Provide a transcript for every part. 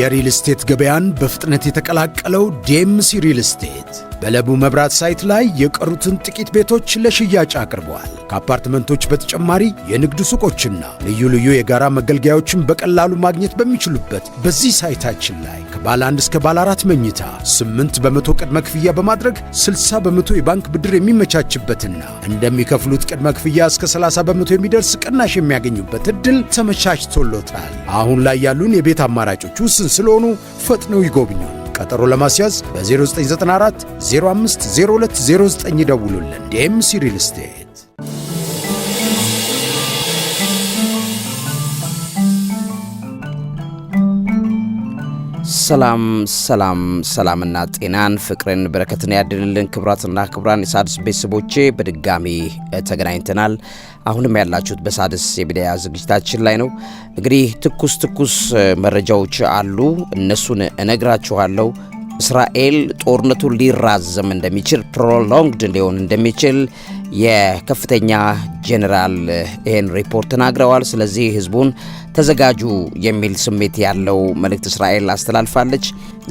የሪል ስቴት ገበያን በፍጥነት የተቀላቀለው ዴምሲ ሪል ስቴት በለቡ መብራት ሳይት ላይ የቀሩትን ጥቂት ቤቶች ለሽያጭ አቅርበዋል። ከአፓርትመንቶች በተጨማሪ የንግድ ሱቆችና ልዩ ልዩ የጋራ መገልገያዎችን በቀላሉ ማግኘት በሚችሉበት በዚህ ሳይታችን ላይ ከባለ አንድ እስከ ባለ አራት መኝታ 8 በመቶ ቅድመ ክፍያ በማድረግ 60 በመቶ የባንክ ብድር የሚመቻችበትና እንደሚከፍሉት ቅድመ ክፍያ እስከ 30 በመቶ የሚደርስ ቅናሽ የሚያገኙበት እድል ተመቻችቶሎታል። አሁን ላይ ያሉን የቤት አማራጮች ውስን ስለሆኑ ፈጥነው ይጎብኙ። ቀጠሮ ለማስያዝ በ0994 050209 ይደውሉልን። ዲኤምሲ ሪል ስቴት ሰላም ሰላም ሰላምና ጤናን ፍቅርን በረከትን ያድልልን። ክብራትና ክብራን የሳድስ ቤተሰቦቼ በድጋሚ ተገናኝተናል። አሁንም ያላችሁት በሳድስ የሚዲያ ዝግጅታችን ላይ ነው። እንግዲህ ትኩስ ትኩስ መረጃዎች አሉ፣ እነሱን እነግራችኋለሁ። እስራኤል ጦርነቱ ሊራዘም እንደሚችል ፕሮሎንግድ ሊሆን እንደሚችል የከፍተኛ ጄኔራል ይህን ሪፖርት ተናግረዋል። ስለዚህ ህዝቡን ተዘጋጁ የሚል ስሜት ያለው መልእክት እስራኤል አስተላልፋለች።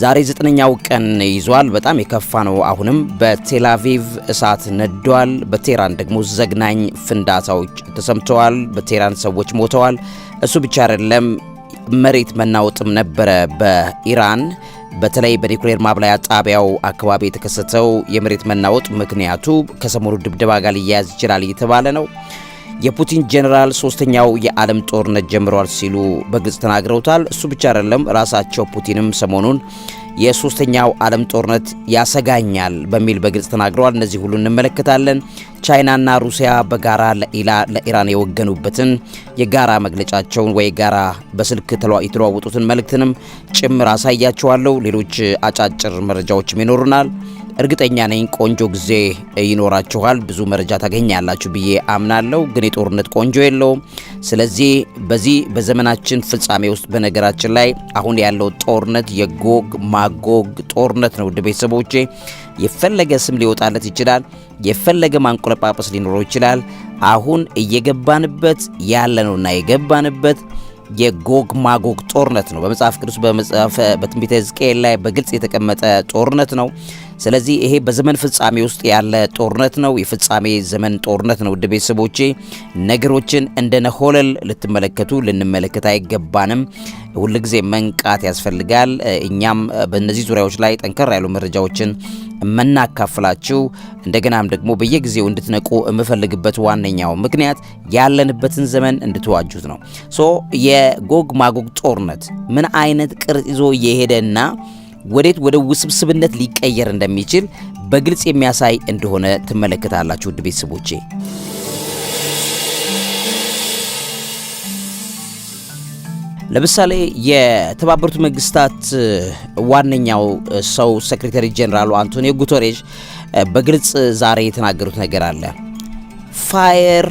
ዛሬ ዘጠነኛው ቀን ይዟል። በጣም የከፋ ነው። አሁንም በቴላቪቭ እሳት ነዷል። በቴህራን ደግሞ ዘግናኝ ፍንዳታዎች ተሰምተዋል። በቴህራን ሰዎች ሞተዋል። እሱ ብቻ አይደለም፣ መሬት መናወጥም ነበረ በኢራን በተለይ በኒኩሌር ማብላያ ጣቢያው አካባቢ የተከሰተው የመሬት መናወጥ ምክንያቱ ከሰሞኑ ድብደባ ጋር ሊያያዝ ይችላል እየተባለ ነው። የፑቲን ጄኔራል ሶስተኛው የዓለም ጦርነት ጀምሯል ሲሉ በግልጽ ተናግረውታል። እሱ ብቻ አይደለም፣ ራሳቸው ፑቲንም ሰሞኑን የሶስተኛው ዓለም ጦርነት ያሰጋኛል በሚል በግልጽ ተናግረዋል። እነዚህ ሁሉ እንመለከታለን። ቻይናና ሩሲያ በጋራ ለኢራን የወገኑበትን የጋራ መግለጫቸውን ወይ ጋራ በስልክ የተለዋወጡትን መልእክትንም ጭምር አሳያችኋለሁ። ሌሎች አጫጭር መረጃዎችም ይኖሩናል። እርግጠኛ ነኝ ቆንጆ ጊዜ ይኖራችኋል፣ ብዙ መረጃ ታገኛላችሁ ብዬ አምናለሁ። ግን የጦርነት ቆንጆ የለውም። ስለዚህ በዚህ በዘመናችን ፍጻሜ ውስጥ በነገራችን ላይ አሁን ያለው ጦርነት የጎግ ማ ማጎግ ጦርነት ነው። ውድ ቤተሰቦቼ የፈለገ ስም ሊወጣለት ይችላል። የፈለገ ማንቆለጳጳስ ሊኖረው ይችላል። አሁን እየገባንበት ያለ ነውና የገባንበት የጎግ ማጎግ ጦርነት ነው። በመጽሐፍ ቅዱስ በመጽሐፈ በትንቢተ ሕዝቅኤል ላይ በግልጽ የተቀመጠ ጦርነት ነው። ስለዚህ ይሄ በዘመን ፍጻሜ ውስጥ ያለ ጦርነት ነው። የፍጻሜ ዘመን ጦርነት ነው። ውድ ቤተሰቦቼ ነገሮችን እንደነሆለል ልትመለከቱ ልንመለከት አይገባንም። ሁልጊዜ መንቃት ያስፈልጋል። እኛም በእነዚህ ዙሪያዎች ላይ ጠንከር ያሉ መረጃዎችን የምናካፍላችሁ እንደገናም ደግሞ በየጊዜው እንድትነቁ የምፈልግበት ዋነኛው ምክንያት ያለንበትን ዘመን እንድትዋጁት ነው። ሶ የጎግ ማጎግ ጦርነት ምን አይነት ቅርጽ ይዞ እየሄደና ወዴት ወደ ውስብስብነት ሊቀየር እንደሚችል በግልጽ የሚያሳይ እንደሆነ ትመለከታላችሁ። ውድ ቤተሰቦቼ ለምሳሌ የተባበሩት መንግስታት ዋነኛው ሰው ሴክሬታሪ ጀነራል አንቶኒዮ ጉተሬዥ በግልጽ ዛሬ የተናገሩት ነገር አለ ፋየር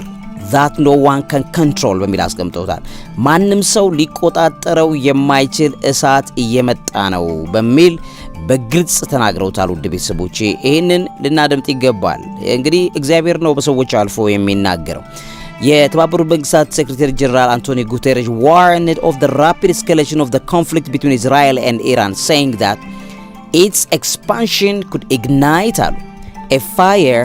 ዛት ኖ ዋን ከን ከንትሮል በሚል አስቀምጦታል። ማንም ሰው ሊቆጣጠረው የማይችል እሳት እየመጣ ነው በሚል በግልጽ ተናግረውታል። ውድ ቤተሰቦቼ ይህንን ልናደምጥ ይገባል። እንግዲህ እግዚአብሔር ነው በሰዎች አልፎ የሚናገረው። የተባበሩት መንግስታት ሴክሬታሪ ጀነራል አንቶኒ ጉቴሬሽ ዋርንድ ኦፍ ዘ ራፒድ ኤስካሌሽን ኦፍ ዘ ኮንፍሊክት ቢትዊን እስራኤል ኤንድ ኢራን ሴይንግ ዛት ኢትስ ኤክስፓንሽን ኩድ ኢግናይት አሉ ኤ ፋየር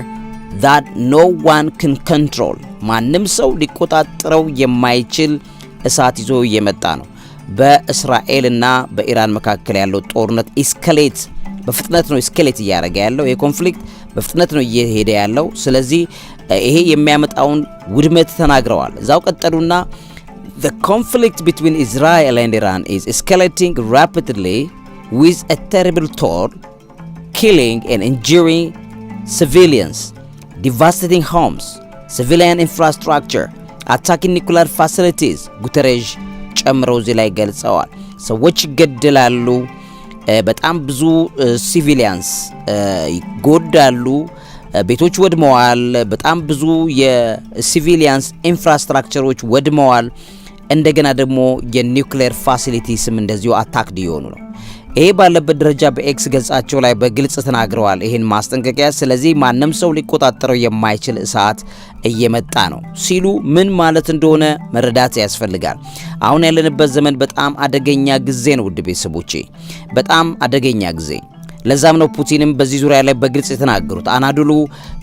ዛት ኖ ዋን ከን ከንትሮል ማንም ሰው ሊቆጣጠረው የማይችል እሳት ይዞ የመጣ ነው። በእስራኤልና በኢራን መካከል ያለው ጦርነት ኢስከሌት በፍጥነት ነው ኢስከሌት እያደረገ ያለው ይህ ኮንፍሊክት በፍጥነት ነው እየሄደ ያለው። ስለዚህ ይሄ የሚያመጣውን ውድመት ተናግረዋል። እዛው ቀጠሉና the conflict between Israel and Iran is escalating rapidly with a terrible toll killing and injuring civilians devastating homes ሲቪሊያን ኢንፍራስትራክቸር፣ አታኪ ኒኩላር ፋሲሊቲስ ጉተሬዥ ጨምረው እዚህ ላይ ገልጸዋል። ሰዎች ይገደላሉ፣ በጣም ብዙ ሲቪሊያንስ ይጎዳሉ፣ ቤቶች ወድመዋል፣ በጣም ብዙ የሲቪሊያንስ ኢንፍራስትራክቸሮች ወድመዋል። እንደገና ደግሞ የኒውክሌር ፋሲሊቲስም እንደዚሁ አታክድ የሆኑ ነው። ይህ ባለበት ደረጃ በኤክስ ገጻቸው ላይ በግልጽ ተናግረዋል ይህን ማስጠንቀቂያ። ስለዚህ ማንም ሰው ሊቆጣጠረው የማይችል ሰዓት እየመጣ ነው ሲሉ ምን ማለት እንደሆነ መረዳት ያስፈልጋል። አሁን ያለንበት ዘመን በጣም አደገኛ ጊዜ ነው፣ ውድ ቤተሰቦቼ፣ በጣም አደገኛ ጊዜ ለዛም ነው ፑቲንም በዚህ ዙሪያ ላይ በግልጽ የተናገሩት። አናዶሉ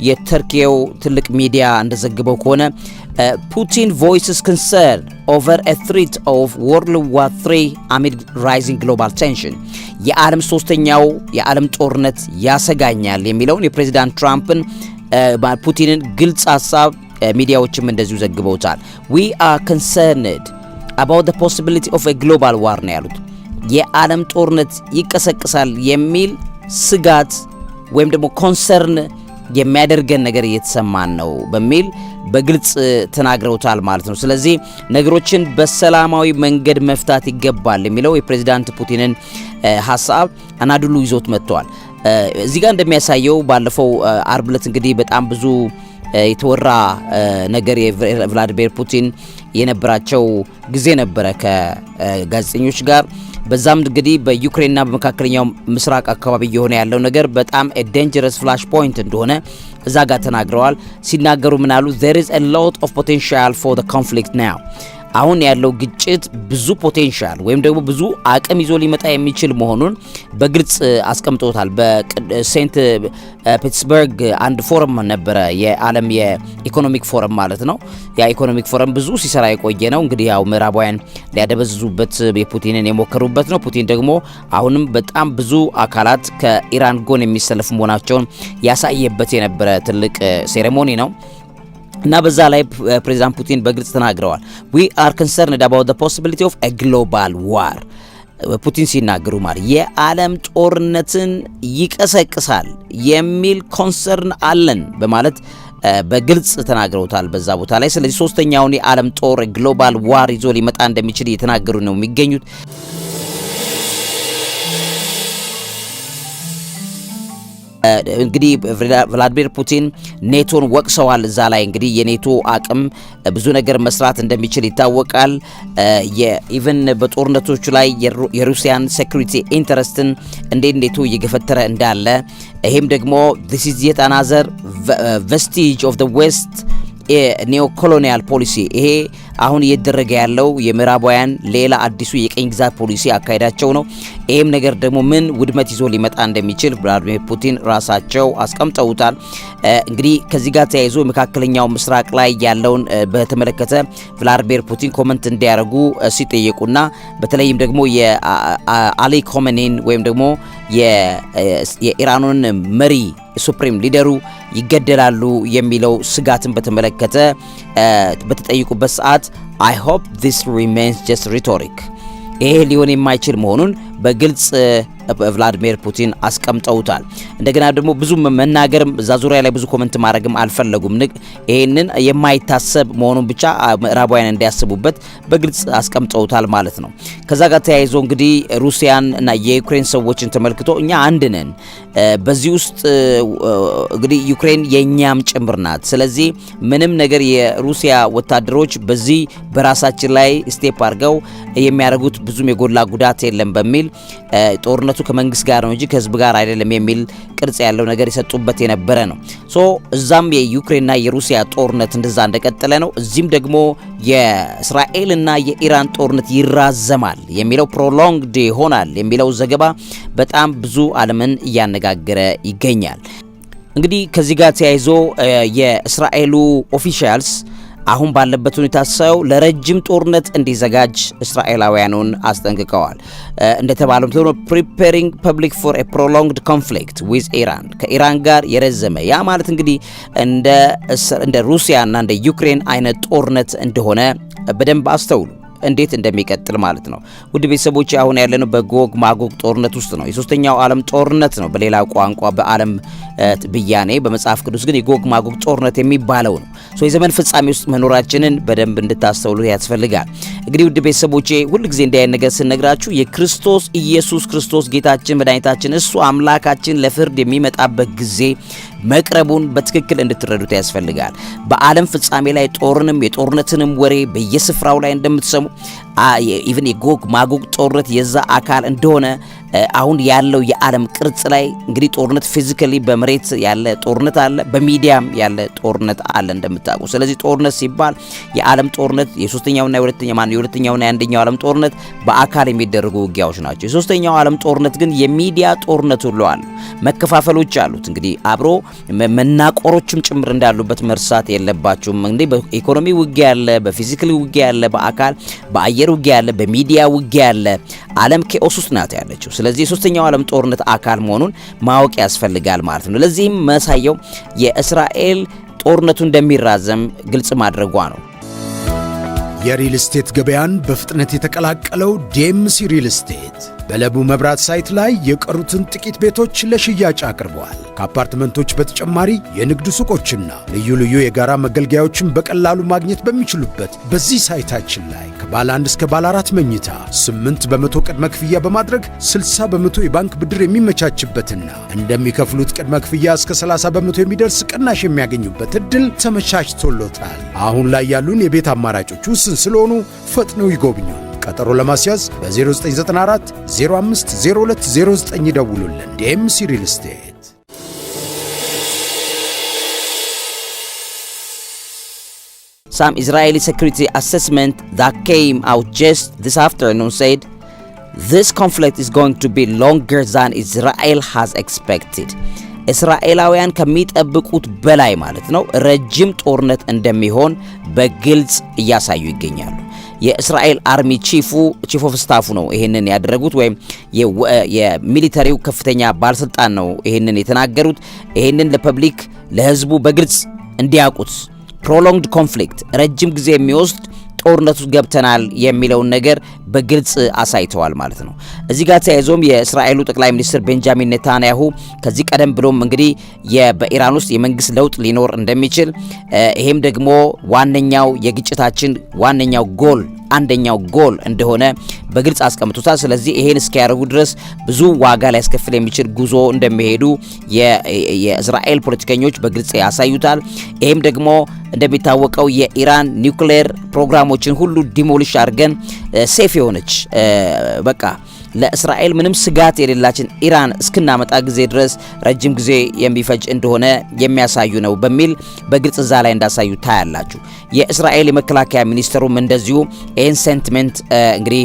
የተርኪው ትልቅ ሚዲያ እንደዘግበው ከሆነ ፑቲን ቮይስስ ኮንሰርን ኦቨር ትሪት ኦፍ ወርልድ ዋር 3 አሚድ ራይዚንግ ግሎባል ቴንሽን የዓለም ሶስተኛው የዓለም ጦርነት ያሰጋኛል የሚለውን የፕሬዚዳንት ትራምፕን ፑቲንን ግልጽ ሀሳብ ሚዲያዎችም እንደዚሁ ዘግበውታል። ዊ አር ኮንሰርንድ አባውት ፖሲቢሊቲ ኦፍ ግሎባል ዋር ነው ያሉት። የዓለም ጦርነት ይቀሰቅሳል የሚል ስጋት ወይም ደግሞ ኮንሰርን የሚያደርገን ነገር እየተሰማን ነው በሚል በግልጽ ተናግረውታል ማለት ነው። ስለዚህ ነገሮችን በሰላማዊ መንገድ መፍታት ይገባል የሚለው የፕሬዚዳንት ፑቲንን ሀሳብ አናድሉ ይዞት መጥተዋል። እዚህ ጋር እንደሚያሳየው ባለፈው አርብ ዕለት እንግዲህ በጣም ብዙ የተወራ ነገር የቭላዲሚር ፑቲን የነበራቸው ጊዜ ነበረ ከጋዜጠኞች ጋር በዛም እንግዲህ በዩክሬንና በመካከለኛው ምስራቅ አካባቢ እየሆነ ያለው ነገር በጣም ዴንጀረስ ፍላሽ ፖይንት እንደሆነ እዛ ጋር ተናግረዋል። ሲናገሩ ምናሉ ዜር ኢዝ አ ሎት ኦፍ ፖቴንሻል ፎር ኮንፍሊክት ናው አሁን ያለው ግጭት ብዙ ፖቴንሻል ወይም ደግሞ ብዙ አቅም ይዞ ሊመጣ የሚችል መሆኑን በግልጽ አስቀምጦታል። በሴንት ፒትስበርግ አንድ ፎረም ነበረ፣ የዓለም የኢኮኖሚክ ፎረም ማለት ነው። ያ ኢኮኖሚክ ፎረም ብዙ ሲሰራ የቆየ ነው። እንግዲህ ያው ምዕራባውያን ሊያደበዝዙበት የፑቲንን የሞከሩበት ነው። ፑቲን ደግሞ አሁንም በጣም ብዙ አካላት ከኢራን ጎን የሚሰለፉ መሆናቸውን ያሳየበት የነበረ ትልቅ ሴሬሞኒ ነው። እና በዛ ላይ ፕሬዚዳንት ፑቲን በግልጽ ተናግረዋል። ዊ አር ኮንሰርንድ አባውት ዘ ፖሲቢሊቲ ኦፍ ግሎባል ዋር ፑቲን ሲናገሩ ማለት የዓለም ጦርነትን ይቀሰቅሳል የሚል ኮንሰርን አለን በማለት በግልጽ ተናግረውታል በዛ ቦታ ላይ። ስለዚህ ሶስተኛውን የዓለም ጦር ግሎባል ዋር ይዞ ሊመጣ እንደሚችል እየተናገሩ ነው የሚገኙት። እንግዲህ ቭላዲሚር ፑቲን ኔቶን ወቅሰዋል። እዛ ላይ እንግዲህ የኔቶ አቅም ብዙ ነገር መስራት እንደሚችል ይታወቃል። የኢቨን በጦርነቶቹ ላይ የሩሲያን ሴኩሪቲ ኢንተረስትን እንዴት ኔቶ እየገፈተረ እንዳለ ይሄም ደግሞ ዚስ ኢዝ የት አናዘር ቨስቲጅ ኦፍ ዌስት ኒዮ ኮሎኒያል ፖሊሲ ይሄ አሁን እየተደረገ ያለው የምዕራባውያን ሌላ አዲሱ የቀኝ ግዛት ፖሊሲ አካሄዳቸው ነው። ይህም ነገር ደግሞ ምን ውድመት ይዞ ሊመጣ እንደሚችል ቭላዲሚር ፑቲን ራሳቸው አስቀምጠውታል። እንግዲህ ከዚህ ጋር ተያይዞ መካከለኛው ምስራቅ ላይ ያለውን በተመለከተ ቭላድሚር ፑቲን ኮመንት እንዲያደርጉ ሲጠየቁና በተለይም ደግሞ የአሊ ኮመኔን ወይም ደግሞ የኢራኑን መሪ ሱፕሪም ሊደሩ ይገደላሉ የሚለው ስጋትን በተመለከተ በተጠየቁበት ሰዓት ለማጥፋት አይ ሆፕ ዚስ ሪሜንስ ጀስት ሪቶሪክ ይሄ ሊሆን የማይችል መሆኑን በግልጽ ቭላዲሚር ፑቲን አስቀምጠውታል። እንደገና ደግሞ ብዙ መናገርም እዛ ዙሪያ ላይ ብዙ ኮመንት ማድረግም አልፈለጉም። ይህንን የማይታሰብ መሆኑን ብቻ ምዕራባውያን እንዲያስቡበት በግልጽ አስቀምጠውታል ማለት ነው። ከዛ ጋር ተያይዞ እንግዲህ ሩሲያን እና የዩክሬን ሰዎችን ተመልክቶ እኛ አንድ ነን፣ በዚህ ውስጥ እንግዲህ ዩክሬን የእኛም ጭምር ናት። ስለዚህ ምንም ነገር የሩሲያ ወታደሮች በዚህ በራሳችን ላይ ስቴፕ አድርገው የሚያደርጉት ብዙም የጎላ ጉዳት የለም በሚል ጦርነቱ ከመንግስት ጋር ነው እንጂ ከህዝብ ጋር አይደለም የሚል ቅርጽ ያለው ነገር የሰጡበት የነበረ ነው። ሶ እዛም የዩክሬንና የሩሲያ ጦርነት እንደዛ እንደቀጠለ ነው። እዚህም ደግሞ የእስራኤልና የኢራን ጦርነት ይራዘማል የሚለው ፕሮሎንግድ ይሆናል የሚለው ዘገባ በጣም ብዙ ዓለምን እያነጋገረ ይገኛል። እንግዲህ ከዚህ ጋር ተያይዞ የእስራኤሉ ኦፊሻልስ አሁን ባለበት ሁኔታ ሰው ለረጅም ጦርነት እንዲዘጋጅ እስራኤላውያኑን አስጠንቅቀዋል። እንደተባለም ሆኖ ፕሪፔሪንግ ፐብሊክ ፎር ፕሮሎንግድ ኮንፍሊክት ዊዝ ኢራን ከኢራን ጋር የረዘመ ያ ማለት እንግዲህ እንደ ሩሲያና እንደ ዩክሬን አይነት ጦርነት እንደሆነ በደንብ አስተውሉ። እንዴት እንደሚቀጥል ማለት ነው። ውድ ቤተሰቦች አሁን ያለነው በጎግ ማጎግ ጦርነት ውስጥ ነው። የሶስተኛው ዓለም ጦርነት ነው በሌላ ቋንቋ በዓለም ብያኔ፣ በመጽሐፍ ቅዱስ ግን የጎግ ማጎግ ጦርነት የሚባለው ነው። ሶ የዘመን ፍጻሜ ውስጥ መኖራችንን በደንብ እንድታስተውሉ ያስፈልጋል። እንግዲህ ውድ ቤተሰቦቼ ሁልጊዜ እንዲያይን ነገር ስነግራችሁ የክርስቶስ ኢየሱስ ክርስቶስ ጌታችን መድኃኒታችን እሱ አምላካችን ለፍርድ የሚመጣበት ጊዜ መቅረቡን በትክክል እንድትረዱት ያስፈልጋል። በዓለም ፍጻሜ ላይ ጦርንም የጦርነትንም ወሬ በየስፍራው ላይ እንደምትሰሙ ኢቭን የጎግ ማጎግ ጦርነት የዛ አካል እንደሆነ አሁን ያለው የዓለም ቅርጽ ላይ እንግዲህ ጦርነት ፊዚካሊ በመሬት ያለ ጦርነት አለ፣ በሚዲያም ያለ ጦርነት አለ እንደምታውቁ። ስለዚህ ጦርነት ሲባል የዓለም ጦርነት የሶስተኛውና የሁለተኛ ማነው የሁለተኛውና የአንደኛው ዓለም ጦርነት በአካል የሚደረጉ ውጊያዎች ናቸው። የሶስተኛው ዓለም ጦርነት ግን የሚዲያ ጦርነት ሁሉ አለ፣ መከፋፈሎች አሉት። እንግዲህ አብሮ መናቆሮችም ጭምር እንዳሉበት መርሳት የለባችሁም። እንግዲህ በኢኮኖሚ ውጊያ አለ፣ በፊዚካሊ ውጊያ አለ፣ በአካል በአየር ውጊያ አለ፣ በሚዲያ ውጊያ አለ። ዓለም ኬኦስ ውስጥ ናት ያለችው ስለዚህ የሶስተኛው ዓለም ጦርነት አካል መሆኑን ማወቅ ያስፈልጋል ማለት ነው። ለዚህም መሳየው የእስራኤል ጦርነቱ እንደሚራዘም ግልጽ ማድረጓ ነው። የሪል ስቴት ገበያን በፍጥነት የተቀላቀለው ዴምሲ ሪል ስቴት በለቡ መብራት ሳይት ላይ የቀሩትን ጥቂት ቤቶች ለሽያጭ አቅርበዋል። ከአፓርትመንቶች በተጨማሪ የንግድ ሱቆችና ልዩ ልዩ የጋራ መገልገያዎችን በቀላሉ ማግኘት በሚችሉበት በዚህ ሳይታችን ላይ ከባለ አንድ እስከ ባለ አራት መኝታ 8 በመቶ ቅድመ ክፍያ በማድረግ 60 በመቶ የባንክ ብድር የሚመቻችበትና እንደሚከፍሉት ቅድመ ክፍያ እስከ 30 በመቶ የሚደርስ ቅናሽ የሚያገኙበት እድል ተመቻችቶሎታል። አሁን ላይ ያሉን የቤት አማራጮች ውስን ስለሆኑ ፈጥነው ይጎብኙ። ቀጠሮ ለማስያዝ በ0994 05 0209 ይደውሉልን። ዲኤምሲ ሪል ስቴት Some Israeli security assessment that came out just this afternoon said this conflict is going to be longer than Israel has expected. እስራኤላውያን ከሚጠብቁት በላይ ማለት ነው ረጅም ጦርነት እንደሚሆን በግልጽ እያሳዩ ይገኛሉ። የእስራኤል አርሚ ቺፉ ቺፍ ኦፍ ስታፉ ነው ይህንን ያደረጉት ወይም የሚሊተሪው ከፍተኛ ባለስልጣን ነው ይህንን የተናገሩት። ይህንን ለፐብሊክ ለህዝቡ በግልጽ እንዲያውቁት ፕሮሎንግድ ኮንፍሊክት ረጅም ጊዜ የሚወስድ ጦርነት ውስጥ ገብተናል የሚለውን ነገር በግልጽ አሳይተዋል ማለት ነው። እዚህ ጋር ተያይዞም የእስራኤሉ ጠቅላይ ሚኒስትር ቤንጃሚን ኔታንያሁ ከዚህ ቀደም ብሎም እንግዲህ በኢራን ውስጥ የመንግስት ለውጥ ሊኖር እንደሚችል ይሄም ደግሞ ዋነኛው የግጭታችን ዋነኛው ጎል አንደኛው ጎል እንደሆነ በግልጽ አስቀምጦታል። ስለዚህ ይሄን እስኪያደርጉ ድረስ ብዙ ዋጋ ሊያስከፍል የሚችል ጉዞ እንደሚሄዱ የእስራኤል ፖለቲከኞች በግልጽ ያሳዩታል። ይህም ደግሞ እንደሚታወቀው የኢራን ኒውክሌር ፕሮግራሞችን ሁሉ ዲሞሊሽ አድርገን ሴፍ የሆነች በቃ ለእስራኤል ምንም ስጋት የሌላችን ኢራን እስክናመጣ ጊዜ ድረስ ረጅም ጊዜ የሚፈጅ እንደሆነ የሚያሳዩ ነው በሚል በግልጽ እዛ ላይ እንዳሳዩ ታያላችሁ። የእስራኤል የመከላከያ ሚኒስትሩም እንደዚሁ ይህን ሴንቲሜንት እንግዲህ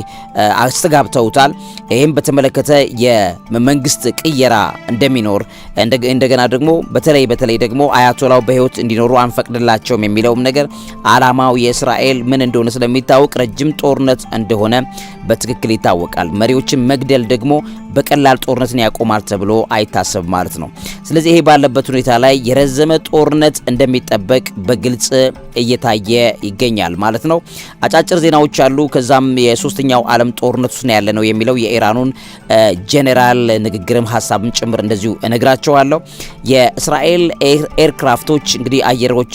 አስተጋብተውታል። ይህም በተመለከተ የመንግስት ቅየራ እንደሚኖር እንደገና ደግሞ በተለይ በተለይ ደግሞ አያቶላው በህይወት እንዲኖሩ አንፈቅድላቸውም የሚለውም ነገር አላማው የእስራኤል ምን እንደሆነ ስለሚታወቅ ረጅም ጦርነት እንደሆነ በትክክል ይታወቃል። መሪዎችን መግደል ደግሞ በቀላል ጦርነትን ያቆማል ተብሎ አይታሰብ ማለት ነው። ስለዚህ ይሄ ባለበት ሁኔታ ላይ የረዘመ ጦርነት እንደሚጠበቅ በግልጽ እየታየ ይገኛል ማለት ነው። አጫጭር ዜናዎች አሉ። ከዛም የሶስተኛው ዓለም ጦርነት ውስጥ ያለ ነው የሚለው የኢራኑን ጄኔራል ንግግርም ሀሳብም ጭምር እንደዚሁ እነግራቸዋለሁ። የእስራኤል ኤርክራፍቶች እንግዲህ አየሮች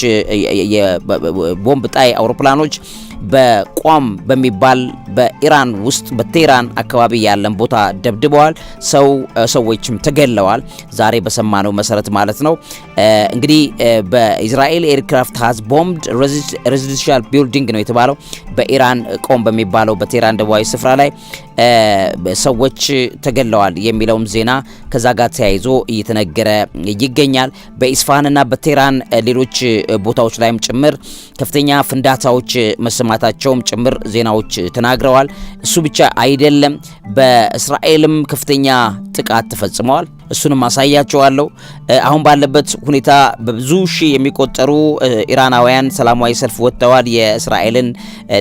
የቦምብ ጣይ አውሮፕላኖች በቋም በሚባል በኢራን ውስጥ በቴህራን አካባቢ ያለን ቦታ ደብድበዋል። ሰው ሰዎችም ተገለዋል። ዛሬ በሰማነው መሰረት ማለት ነው እንግዲህ በእስራኤል ኤርክራፍት ሀዝ ቦምድ ሬዚደንሻል ቢልዲንግ ነው የተባለው በኢራን ቆም በሚባለው በቴህራን ደቡባዊ ስፍራ ላይ ሰዎች ተገለዋል የሚለውም ዜና ከዛ ጋር ተያይዞ እየተነገረ ይገኛል። በኢስፋሃንና በቴራን ሌሎች ቦታዎች ላይም ጭምር ከፍተኛ ፍንዳታዎች መሰማታቸውም ጭምር ዜናዎች ተናግረዋል። እሱ ብቻ አይደለም፣ በእስራኤልም ከፍተኛ ጥቃት ተፈጽመዋል። እሱንም አሳያቸዋለሁ። አሁን ባለበት ሁኔታ በብዙ ሺ የሚቆጠሩ ኢራናውያን ሰላማዊ ሰልፍ ወጥተዋል። የእስራኤልን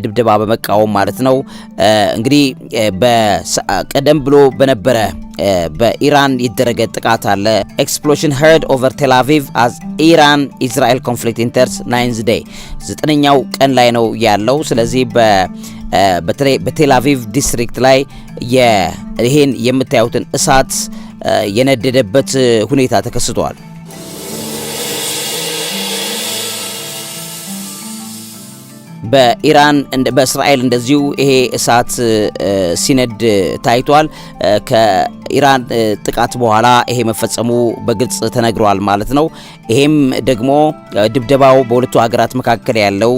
ድብደባ በመቃወም ማለት ነው። እንግዲህ ቀደም ብሎ በነበረ በኢራን ይደረገ ጥቃት አለ። ኤክስፕሎሽን ሄርድ ኦቨር ቴል አዝ ኢራን ኢስራኤል ኮንፍሊክት ኢንተርስ ናይንዝ ዴይ ዘጠነኛው ቀን ላይ ነው ያለው። ስለዚህ በቴል አቪቭ ዲስትሪክት ላይ ይሄን የምታዩትን እሳት የነደደበት ሁኔታ ተከስቷል። በኢራን በእስራኤል እንደዚሁ ይሄ እሳት ሲነድ ታይቷል። ከኢራን ጥቃት በኋላ ይሄ መፈጸሙ በግልጽ ተነግሯል ማለት ነው። ይሄም ደግሞ ድብደባው በሁለቱ ሀገራት መካከል ያለው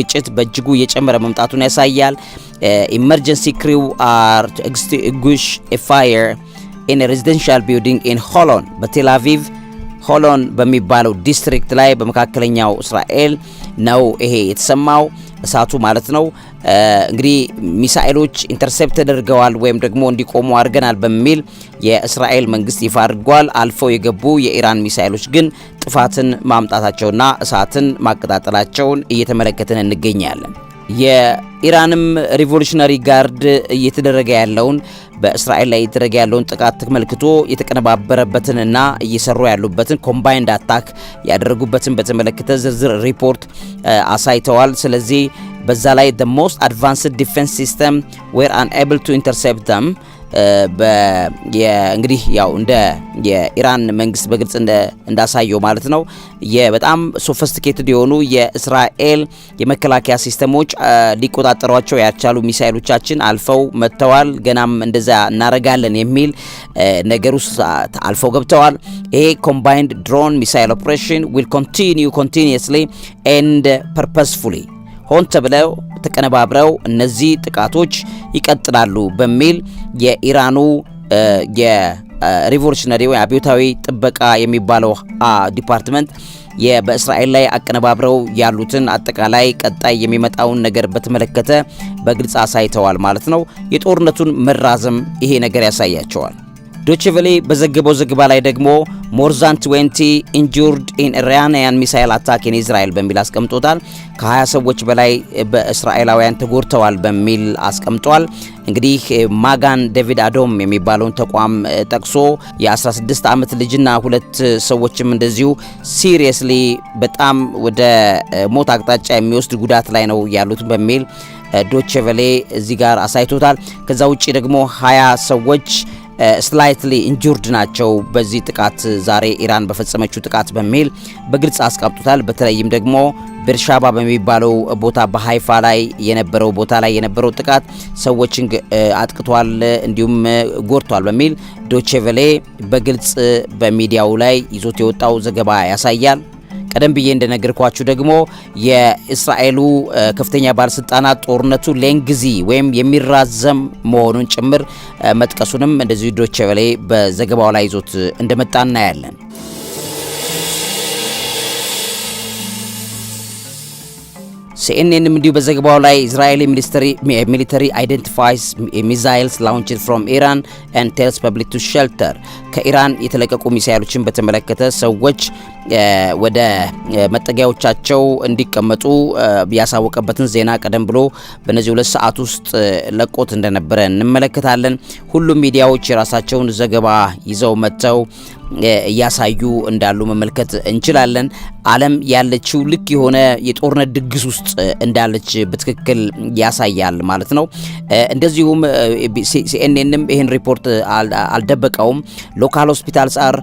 ግጭት በእጅጉ እየጨመረ መምጣቱን ያሳያል። ኢመርጀንሲ ክሪው አር ኤግስቲንጉሽ ፋየር ኢን a residential building in ሆሎን በቴል አቪቭ ሆሎን በሚባለው ዲስትሪክት ላይ በመካከለኛው እስራኤል ነው ይሄ የተሰማው እሳቱ ማለት ነው። እንግዲህ ሚሳኤሎች ኢንተርሴፕት ተደርገዋል ወይም ደግሞ እንዲቆሙ አድርገናል በሚል የእስራኤል መንግስት ይፋ አድርጓል። አልፈው የገቡ የኢራን ሚሳኤሎች ግን ጥፋትን ማምጣታቸውና እሳትን ማቀጣጠላቸውን እየተመለከትን እንገኛለን። የኢራንም ሪቮሉሽነሪ ጋርድ እየተደረገ ያለውን በእስራኤል ላይ እየተደረገ ያለውን ጥቃት ተመልክቶ የተቀነባበረበትንና እየሰሩ ያሉበትን ኮምባይንድ አታክ ያደረጉበትን በተመለከተ ዝርዝር ሪፖርት አሳይተዋል። ስለዚህ በዛ ላይ ሞስት አድቫንስድ ዲፌንስ ሲስተም ዌር were unable to intercept እንግዲህ ያው እንደ የኢራን መንግስት በግልጽ እንዳሳየው ማለት ነው በጣም ሶፈስቲኬትድ የሆኑ የእስራኤል የመከላከያ ሲስተሞች ሊቆጣጠሯቸው ያልቻሉ ሚሳይሎቻችን አልፈው መጥተዋል። ገናም እንደዛ እናረጋለን የሚል ነገር ውስጥ አልፈው ገብተዋል። ይሄ ኮምባይንድ ድሮን ሚሳይል ኦፕሬሽን ዊል ኮንቲኒው ኮንቲኒየስሊ ኤንድ ፐርፐስፉሊ ሆን ተብለው ተቀነባብረው እነዚህ ጥቃቶች ይቀጥላሉ በሚል የኢራኑ የሪቮሉሽነሪ ወይ አብዮታዊ ጥበቃ የሚባለው ዲፓርትመንት በእስራኤል ላይ አቀነባብረው ያሉትን አጠቃላይ ቀጣይ የሚመጣውን ነገር በተመለከተ በግልጽ አሳይተዋል ማለት ነው። የጦርነቱን መራዘም ይሄ ነገር ያሳያቸዋል። ዶችቬሌ በዘገበው ዘገባ ላይ ደግሞ ሞር 20 ኢንጁርድ ኢን ኢራንያን ሚሳኤል አታክ ኢን እስራኤል በሚል አስቀምጦታል። ከ20 ሰዎች በላይ በእስራኤላውያን ተጎድተዋል በሚል አስቀምጧል። እንግዲህ ማጋን ዴቪድ አዶም የሚባለውን ተቋም ጠቅሶ የ16 ዓመት ልጅና ሁለት ሰዎችም እንደዚሁ ሲሪየስሊ በጣም ወደ ሞት አቅጣጫ የሚወስድ ጉዳት ላይ ነው ያሉት በሚል ዶቼ ቬሌ እዚህ ጋር አሳይቶታል። ከዛ ውጭ ደግሞ 20 ሰዎች ስላይትሊ ኢንጁርድ ናቸው በዚህ ጥቃት ዛሬ ኢራን በፈጸመችው ጥቃት በሚል በግልጽ አስቀምጡታል። በተለይም ደግሞ ቤርሻባ በሚባለው ቦታ በሀይፋ ላይ የነበረው ቦታ ላይ የነበረው ጥቃት ሰዎችን አጥቅቷል፣ እንዲሁም ጎድቷል በሚል ዶቼቬሌ በግልጽ በሚዲያው ላይ ይዞት የወጣው ዘገባ ያሳያል። ቀደም ብዬ እንደነገርኳችሁ ደግሞ የእስራኤሉ ከፍተኛ ባለስልጣናት ጦርነቱ ሌንግዚ ወይም የሚራዘም መሆኑን ጭምር መጥቀሱንም እንደዚሁ ዶቼ ቬለ በዘገባው ላይ ይዞት እንደመጣ እናያለን። ሲኤንኤንም እንዲሁ በዘገባው ላይ እስራኤሊ ሚሊተሪ አይደንቲፋይስ ሚሳይልስ ላውንችድ ፍሮም ኢራን ኤንድ ቴልስ ፐብሊክ ቱ ሸልተር ከኢራን የተለቀቁ ሚሳይሎችን በተመለከተ ሰዎች ወደ መጠጊያዎቻቸው እንዲቀመጡ ያሳወቀበትን ዜና ቀደም ብሎ በእነዚህ ሁለት ሰዓት ውስጥ ለቆት እንደነበረ እንመለከታለን። ሁሉም ሚዲያዎች የራሳቸውን ዘገባ ይዘው መጥተው እያሳዩ እንዳሉ መመልከት እንችላለን። ዓለም ያለችው ልክ የሆነ የጦርነት ድግስ ውስጥ እንዳለች በትክክል ያሳያል ማለት ነው። እንደዚሁም ሲኤንኤንም ይህን ሪፖርት አልደበቀውም። ሎካል ሆስፒታል ጻር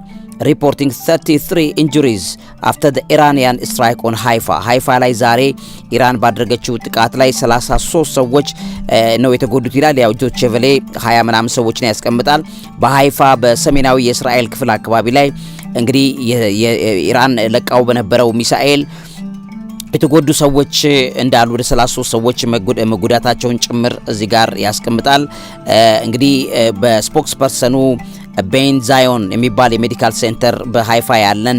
ሪፖርቲንግ 33 ኢንጁሪዝ አፍተር ዘ ኢራንያን ስትራይክ ኦን ሃይፋ ሃይፋ ላይ ዛሬ ኢራን ባደረገችው ጥቃት ላይ 33 ሰዎች ነው የተጎዱት ይላል። ያው ጆቼቨሌ 20 ምናምን ሰዎችን ያስቀምጣል። በሃይፋ በሰሜናዊ የእስራኤል ክፍል አካባቢ ላይ እንግዲህ ኢራን ለቃው በነበረው ሚሳኤል የተጎዱ ሰዎች እንዳሉ ወደ 33 ሰዎች መጎዳታቸውን ጭምር እዚህ ጋር ያስቀምጣል። እንግዲህ በስፖክስ ፐርሰኑ ቤን ዛዮን የሚባል የሜዲካል ሴንተር በሃይፋ ያለን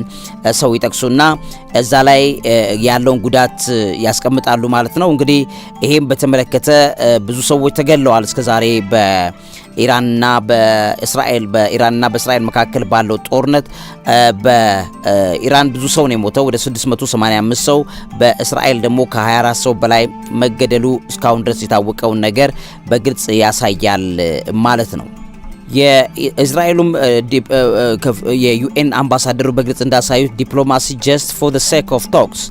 ሰው ይጠቅሱና እዛ ላይ ያለውን ጉዳት ያስቀምጣሉ ማለት ነው። እንግዲህ ይሄም በተመለከተ ብዙ ሰዎች ተገለዋል እስከዛሬ በ ኢራንና በእስራኤል በኢራንና በእስራኤል መካከል ባለው ጦርነት በኢራን ብዙ ሰው ነው የሞተው ወደ 685 ሰው፣ በእስራኤል ደግሞ ከ24 ሰው በላይ መገደሉ እስካሁን ድረስ የታወቀውን ነገር በግልጽ ያሳያል ማለት ነው። የእስራኤሉም የዩኤን አምባሳደሩ በግልጽ እንዳሳዩት ዲፕሎማሲ ጀስት ፎር ዘ ሴክ ኦፍ ቶክስ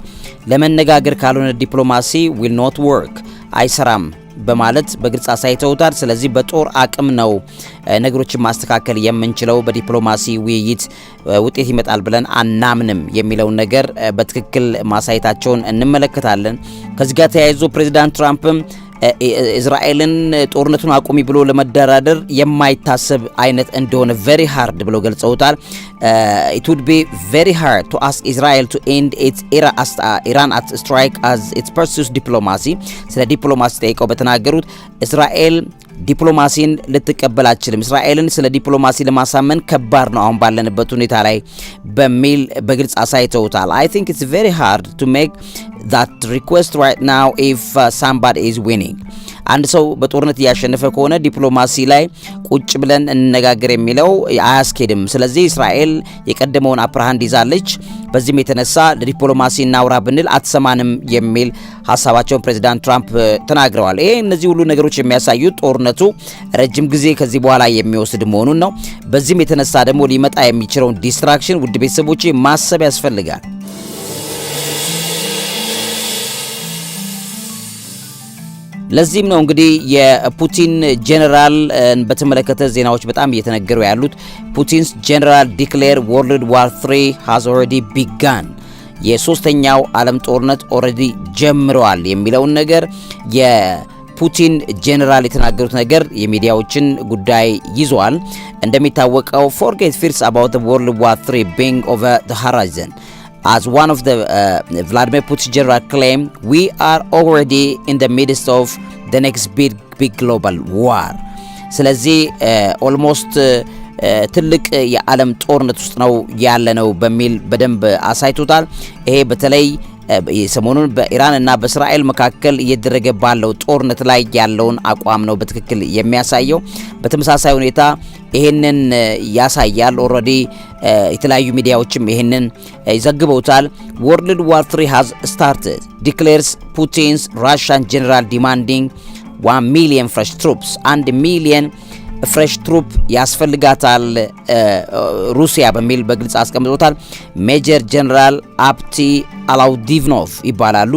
ለመነጋገር ካልሆነ ዲፕሎማሲ ዊል ኖት ወርክ አይሰራም በማለት በግልጽ አሳይተውታል። ስለዚህ በጦር አቅም ነው ነገሮችን ማስተካከል የምንችለው፣ በዲፕሎማሲ ውይይት ውጤት ይመጣል ብለን አናምንም የሚለውን ነገር በትክክል ማሳየታቸውን እንመለከታለን። ከዚህ ጋር ተያይዞ ፕሬዚዳንት ትራምፕም እስራኤልን ጦርነቱን አቁሚ ብሎ ለመደራደር የማይታሰብ አይነት እንደሆነ ቨሪ ሃርድ ብሎ ገልጸውታል። ኢት ውድ ቢ ቨሪ ሃርድ ቱ አስክ እስራኤል ቱ ኤንድ ኢትስ ኢራን አት ስትራይክ አዝ ኢትስ ፐርሱስ ዲፕሎማሲ ስለ ዲፕሎማሲ ጠይቀው በተናገሩት እስራኤል ዲፕሎማሲን ልትቀበል አችልም። እስራኤልን ስለ ዲፕሎማሲ ለማሳመን ከባድ ነው አሁን ባለንበት ሁኔታ ላይ በሚል በግልጽ አሳይተውታል። አይ ቲንክ ኢትስ ቬሪ ሃርድ ቱ ሜክ ዛት ሪኩዌስት ራይት ናው ኢፍ ሳምባዲ ኢዝ ዊኒንግ አንድ ሰው በጦርነት እያሸነፈ ከሆነ ዲፕሎማሲ ላይ ቁጭ ብለን እንነጋገር የሚለው አያስኬድም። ስለዚህ እስራኤል የቀደመውን አፕራሃንድ ይዛለች። በዚህም የተነሳ ለዲፕሎማሲ እናውራ ብንል አትሰማንም የሚል ሀሳባቸውን ፕሬዚዳንት ትራምፕ ተናግረዋል። ይሄ እነዚህ ሁሉ ነገሮች የሚያሳዩት ጦርነቱ ረጅም ጊዜ ከዚህ በኋላ የሚወስድ መሆኑን ነው። በዚህም የተነሳ ደግሞ ሊመጣ የሚችለውን ዲስትራክሽን ውድ ቤተሰቦች ማሰብ ያስፈልጋል። ለዚህም ነው እንግዲህ የፑቲን ጄኔራል በተመለከተ ዜናዎች በጣም እየተነገሩ ያሉት ፑቲንስ ጄኔራል ዲክሌር ወርልድ ዋር 3 ሃዝ ኦልሬዲ ቢጋን የሶስተኛው ዓለም ጦርነት ኦልሬዲ ጀምረዋል የሚለውን ነገር የፑቲን ጄኔራል የተናገሩት ነገር የሚዲያዎችን ጉዳይ ይዟል። እንደሚታወቀው ፎርጌት ፊርስ አባውት ወርልድ ዋር 3 ቢንግ ኦቨር ሃራይዘን As one of the uh, Vladimir Putin general claim we are already in the midst of the next big, big global war. ስለዚህ ኦልሞስት ትልቅ የዓለም ጦርነት ውስጥ ነው ያለነው በሚል በደንብ አሳይቶታል። ይሄ በተለይ ሰሞኑን በኢራን እና በእስራኤል መካከል እየደረገ ባለው ጦርነት ላይ ያለውን አቋም ነው በትክክል የሚያሳየው። በተመሳሳይ ሁኔታ ይህንን ያሳያል። ኦልሬዲ የተለያዩ ሚዲያዎችም ይህንን ይዘግበውታል። ወርልድ ዋር ትሪ ሃዝ ስታርትድ ዲክሌርስ ፑቲንስ ራሽያን ጄኔራል ዲማንዲንግ 1 ሚሊየን ፍሬሽ ትሩፕስ አንድ ሚሊየን ፍሬሽ ትሩፕ ያስፈልጋታል ሩሲያ በሚል በግልጽ አስቀምጦታል። ሜጀር ጀነራል አፕቲ አላውዲቭኖቭ ይባላሉ።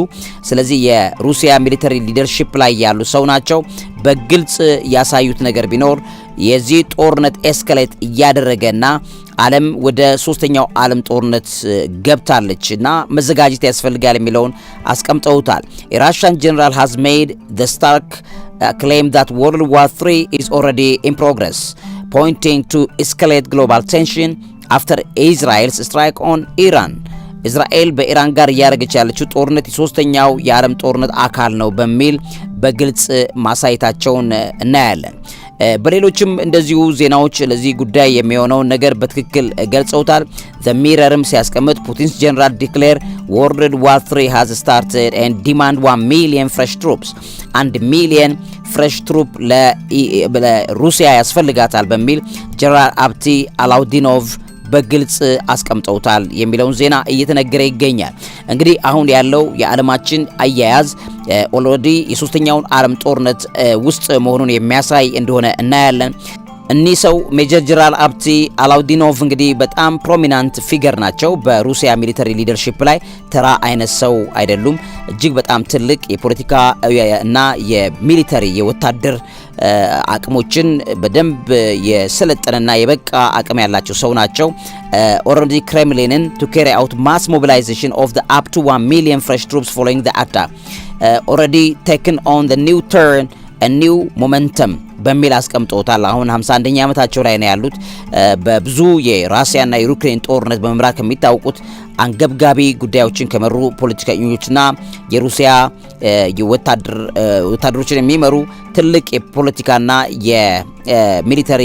ስለዚህ የሩሲያ ሚሊተሪ ሊደርሺፕ ላይ ያሉ ሰው ናቸው። በግልጽ ያሳዩት ነገር ቢኖር የዚህ ጦርነት ኤስካሌት እያደረገና ዓለም ወደ ሶስተኛው ዓለም ጦርነት ገብታለች እና መዘጋጀት ያስፈልጋል የሚለውን አስቀምጠውታል። የራሽያን ጀነራል ሃዝ ሜድ ዘ ስታርክ uh, claimed that World War III is already in progress, pointing to escalate global tension after Israel's strike on Iran። እስራኤል በኢራን ጋር እያደረገች ያለችው ጦርነት የሶስተኛው የዓለም ጦርነት አካል ነው በሚል በግልጽ ማሳየታቸውን እናያለን። በሌሎችም እንደዚሁ ዜናዎች ለዚህ ጉዳይ የሚሆነውን ነገር በትክክል ገልጸውታል። ዘሚረርም ሲያስቀምጥ ፑቲንስ ጀነራል ዲክሌር ወርልድ ዋር 3 ሃዝ ስታርትድ ኤንድ ዲማንድ 1 ሚሊየን ፍሬሽ ትሩፕስ አንድ ሚሊየን ፍሬሽ ትሩፕ ለሩሲያ ያስፈልጋታል በሚል ጀነራል አብቲ አላውዲኖቭ በግልጽ አስቀምጠውታል የሚለውን ዜና እየተነገረ ይገኛል። እንግዲህ አሁን ያለው የዓለማችን አያያዝ ኦልሬዲ የሶስተኛውን ዓለም ጦርነት ውስጥ መሆኑን የሚያሳይ እንደሆነ እናያለን። እኒህ ሰው ሜጀር ጀነራል አብቲ አላውዲኖቭ እንግዲህ በጣም ፕሮሚናንት ፊገር ናቸው። በሩሲያ ሚሊተሪ ሊደርሺፕ ላይ ተራ አይነት ሰው አይደሉም። እጅግ በጣም ትልቅ የፖለቲካ እና የሚሊተሪ የወታደር አቅሞችን በደንብ የሰለጠነና የበቃ አቅም ያላቸው ሰው ናቸው። ኦልሬዲ ክሬምሊንን ቱ ካሪ አውት ማስ ሞቢላይዜሽን ኦፍ ዘ አፕ ቱ 1 ሚሊዮን ፍሬሽ ትሩፕስ ፎሎዊንግ ዘ ኦልሬዲ ቴክን ኦን ዘ ኒው ተርን ኒው ሞመንተም በሚል አስቀምጦታል። አሁን 51ኛ ዓመታቸው ላይ ነው ያሉት። በብዙ የራሲያና የዩክሬን ጦርነት በመምራት ከሚታወቁት አንገብጋቢ ጉዳዮችን ከመሩ ፖለቲከኞችና የሩሲያ ወታደሮችን የሚመሩ ትልቅ የፖለቲካና የሚሊተሪ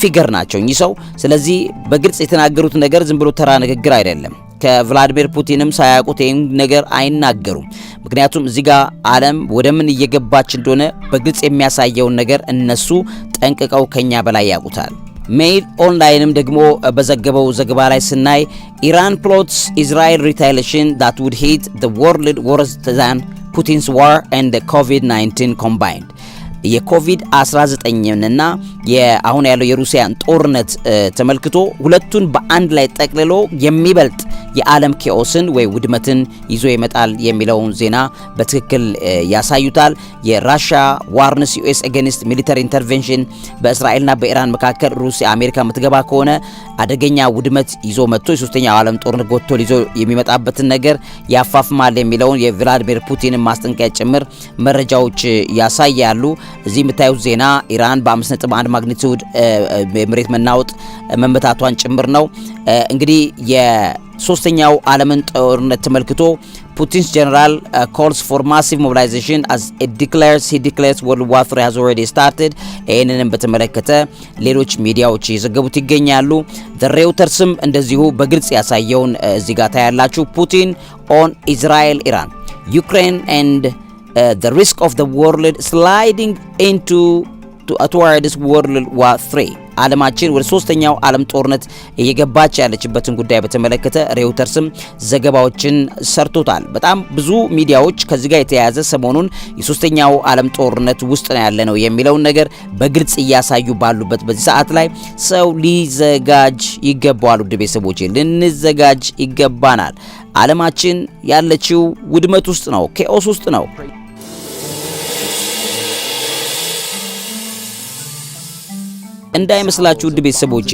ፊገር ናቸው እኚህ ሰው። ስለዚህ በግልጽ የተናገሩት ነገር ዝም ብሎ ተራ ንግግር አይደለም። ከቭላዲሚር ፑቲንም ሳያውቁት ይህን ነገር አይናገሩም። ምክንያቱም እዚህ ጋር ዓለም ወደ ምን እየገባች እንደሆነ በግልጽ የሚያሳየውን ነገር እነሱ ጠንቅቀው ከኛ በላይ ያውቁታል። ሜይል ኦንላይንም ደግሞ በዘገበው ዘገባ ላይ ስናይ ኢራን ፕሎትስ ኢዝራኤል ሪታይሌሽን ዳት ውድ ሂት ዘ ወርልድ ወርስ ዛን ፑቲንስ ዋር ኤንድ ኮቪድ-19 ኮምባይንድ የኮቪድ-19ንና አሁን ያለው የሩሲያን ጦርነት ተመልክቶ ሁለቱን በአንድ ላይ ጠቅልሎ የሚበልጥ የዓለም ኬኦስን ወይ ውድመትን ይዞ ይመጣል የሚለውን ዜና በትክክል ያሳዩታል። የራሽያ ዋርንስ ዩኤስ አገኒስት ሚሊተሪ ኢንተርቬንሽን በእስራኤልና በኢራን መካከል ሩሲያ አሜሪካ የምትገባ ከሆነ አደገኛ ውድመት ይዞ መጥቶ የሶስተኛው ዓለም ጦርነት ጎትቶ ይዞ የሚመጣበትን ነገር ያፋፍማል የሚለውን የቭላዲሚር ፑቲንን ማስጠንቀቂያ ጭምር መረጃዎች ያሳያሉ። እዚህ የምታዩት ዜና ኢራን በ5.1 ማግኒቱድ የመሬት መናወጥ መመታቷን ጭምር ነው። እንግዲህ የሶስተኛው ዓለምን ጦርነት ተመልክቶ ፑቲንስ ጀነራል ኮልስ ፎር ማሲቭ ሞቢላይዜሽን አስ ዲክሌርስ ሂ ዲክሌርስ ወርልድ ዋር ፍሪ ሃዝ ኦልሬዲ ስታርትድ። ይህንንም በተመለከተ ሌሎች ሚዲያዎች እየዘገቡት ይገኛሉ። ሬውተርስም እንደዚሁ በግልጽ ያሳየውን እዚህ ጋር ታያላችሁ። ፑቲን ኦን ኢዝራኤል ኢራን ዩክሬን ኤንድ uh, the risk of the world sliding into uh, towards world war 3 ዓለማችን ወደ ሶስተኛው ዓለም ጦርነት እየገባች ያለችበትን ጉዳይ በተመለከተ ሬውተርስም ዘገባዎችን ሰርቶታል። በጣም ብዙ ሚዲያዎች ከዚህ ጋር የተያያዘ ሰሞኑን የሶስተኛው ዓለም ጦርነት ውስጥ ነው ያለ ነው የሚለውን ነገር በግልጽ እያሳዩ ባሉበት በዚህ ሰዓት ላይ ሰው ሊዘጋጅ ይገባዋል። ውድ ቤተሰቦች ልንዘጋጅ ይገባናል። ዓለማችን ያለችው ውድመት ውስጥ ነው፣ ኬኦስ ውስጥ ነው። እንዳይመስላችሁ ውድ ቤተሰቦቼ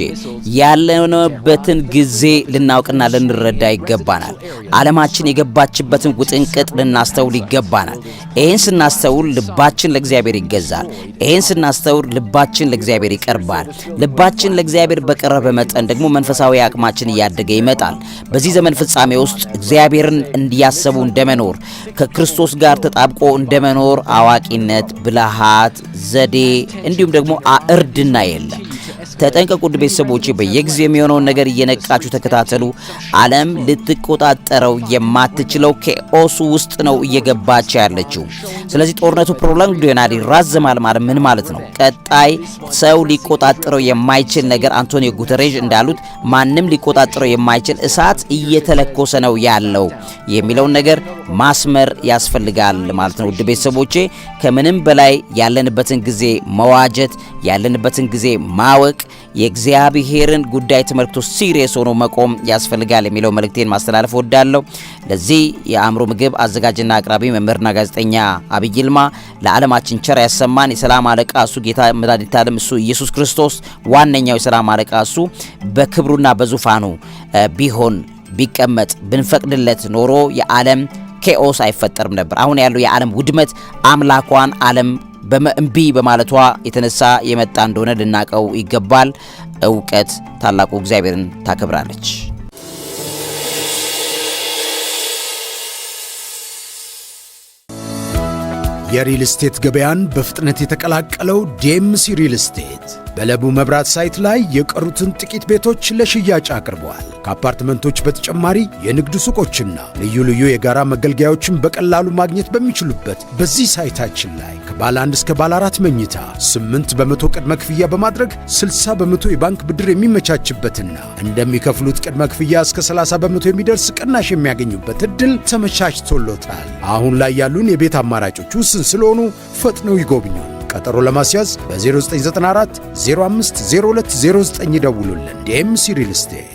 ያለንበትን ጊዜ ልናውቅና ልንረዳ ይገባናል። ዓለማችን የገባችበትን ውጥንቅጥ ልናስተውል ይገባናል። ይህን ስናስተውል ልባችን ለእግዚአብሔር ይገዛል። ይህን ስናስተውል ልባችን ለእግዚአብሔር ይቀርባል። ልባችን ለእግዚአብሔር በቀረበ መጠን ደግሞ መንፈሳዊ አቅማችን እያደገ ይመጣል። በዚህ ዘመን ፍጻሜ ውስጥ እግዚአብሔርን እንዲያሰቡ እንደመኖር፣ ከክርስቶስ ጋር ተጣብቆ እንደመኖር አዋቂነት፣ ብልሃት፣ ዘዴ እንዲሁም ደግሞ እርድና የለም። ተጠንቀቁ ውድ ቤተሰቦች በየጊዜው የሚሆነውን ነገር እየነቃችሁ ተከታተሉ። ዓለም ልትቆጣጠረው የማትችለው ከኦሱ ውስጥ ነው እየገባች ያለችው። ስለዚህ ጦርነቱ ፕሮላንግዶናል ይራዘማል ማለት ምን ማለት ነው? ቀጣይ ሰው ሊቆጣጠረው የማይችል ነገር አንቶኒዮ ጉተሬዥ እንዳሉት ማንም ሊቆጣጠረው የማይችል እሳት እየተለኮሰ ነው ያለው የሚለውን ነገር ማስመር ያስፈልጋል ማለት ነው። ውድ ቤተሰቦቼ ከምንም በላይ ያለንበትን ጊዜ መዋጀት ያለንበትን ጊዜ ማወቅ የእግዚአብሔርን ጉዳይ ትምህርቱ ሲሪየስ ሆኖ መቆም ያስፈልጋል የሚለው መልእክቴን ማስተላለፍ ወዳለሁ። ለዚህ የአእምሮ ምግብ አዘጋጅና አቅራቢ መምህርና ጋዜጠኛ አብይ ይልማ ለዓለማችን ቸር ያሰማን። የሰላም አለቃ እሱ ጌታ መድኃኒተ ዓለም እሱ ኢየሱስ ክርስቶስ ዋነኛው የሰላም አለቃ እሱ በክብሩና በዙፋኑ ቢሆን ቢቀመጥ ብንፈቅድለት ኖሮ የዓለም ኬኦስ አይፈጠርም ነበር። አሁን ያለው የዓለም ውድመት አምላኳን ዓለም እምቢ በማለቷ የተነሳ የመጣ እንደሆነ ልናቀው ይገባል። እውቀት ታላቁ እግዚአብሔርን ታከብራለች። የሪል ስቴት ገበያን በፍጥነት የተቀላቀለው ዴምሲ ሪል ስቴት በለቡ መብራት ሳይት ላይ የቀሩትን ጥቂት ቤቶች ለሽያጭ አቅርበዋል። ከአፓርትመንቶች በተጨማሪ የንግድ ሱቆችና ልዩ ልዩ የጋራ መገልገያዎችን በቀላሉ ማግኘት በሚችሉበት በዚህ ሳይታችን ላይ ከባለ አንድ እስከ ባለ አራት መኝታ 8 በመቶ ቅድመ ክፍያ በማድረግ 60 በመቶ የባንክ ብድር የሚመቻችበትና እንደሚከፍሉት ቅድመ ክፍያ እስከ 30 በመቶ የሚደርስ ቅናሽ የሚያገኙበት እድል ተመቻችቶሎታል። አሁን ላይ ያሉን የቤት አማራጮች ውስን ስለሆኑ ፈጥነው ይጎብኙ። ቀጠሮ ለማስያዝ በ0994 0209 ደውሉልን። ዲኤምሲ ሪል ስቴት